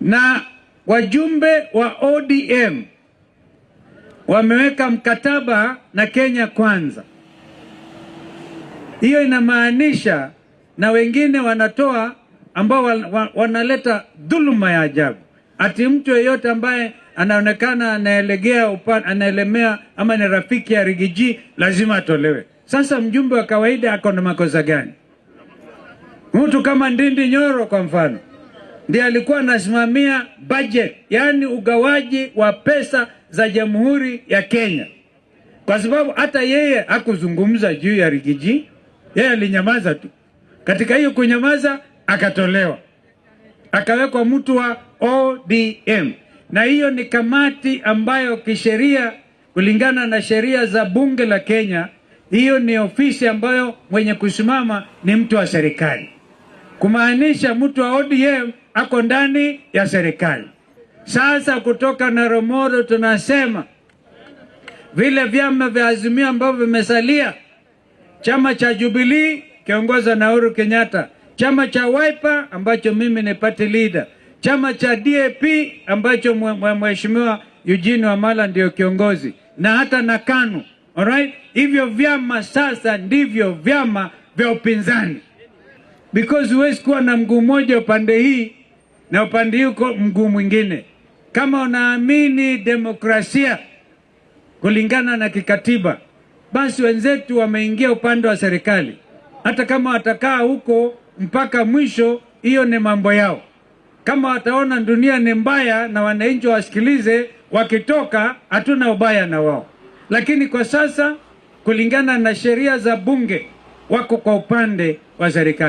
na wajumbe wa ODM wameweka mkataba na Kenya Kwanza. Hiyo inamaanisha na wengine wanatoa ambao wanaleta dhuluma ya ajabu, ati mtu yeyote ambaye anaonekana anaelegea upande, anaelemea ama ni rafiki ya Rigiji lazima atolewe. Sasa mjumbe wa kawaida ako na makosa gani? Mtu kama Ndindi Nyoro kwa mfano ndiye alikuwa anasimamia budget, yaani ugawaji wa pesa za Jamhuri ya Kenya, kwa sababu hata yeye hakuzungumza juu ya rigiji, yeye alinyamaza tu. Katika hiyo kunyamaza, akatolewa akawekwa mtu wa ODM, na hiyo ni kamati ambayo kisheria, kulingana na sheria za bunge la Kenya, hiyo ni ofisi ambayo mwenye kusimama ni mtu wa serikali kumaanisha mtu wa ODM ako ndani ya serikali. Sasa kutoka Naromoro tunasema vile vyama vya Azimio ambavyo vimesalia, chama cha Jubilee kiongozwa na Uhuru Kenyatta, chama cha Wiper ambacho mimi ni party leader, chama cha DAP ambacho mheshimiwa Eugene Wamala ndio kiongozi na hata na KANU. Alright, hivyo vyama sasa ndivyo vyama vya upinzani because huwezi kuwa na mguu mmoja upande hii na upande hii uko mguu mwingine. Kama unaamini demokrasia kulingana na kikatiba, basi wenzetu wameingia upande wa serikali. Hata kama watakaa huko mpaka mwisho, hiyo ni mambo yao. Kama wataona dunia ni mbaya na wananchi wasikilize, wakitoka hatuna ubaya na wao. Lakini kwa sasa kulingana na sheria za bunge wako kwa upande wa serikali.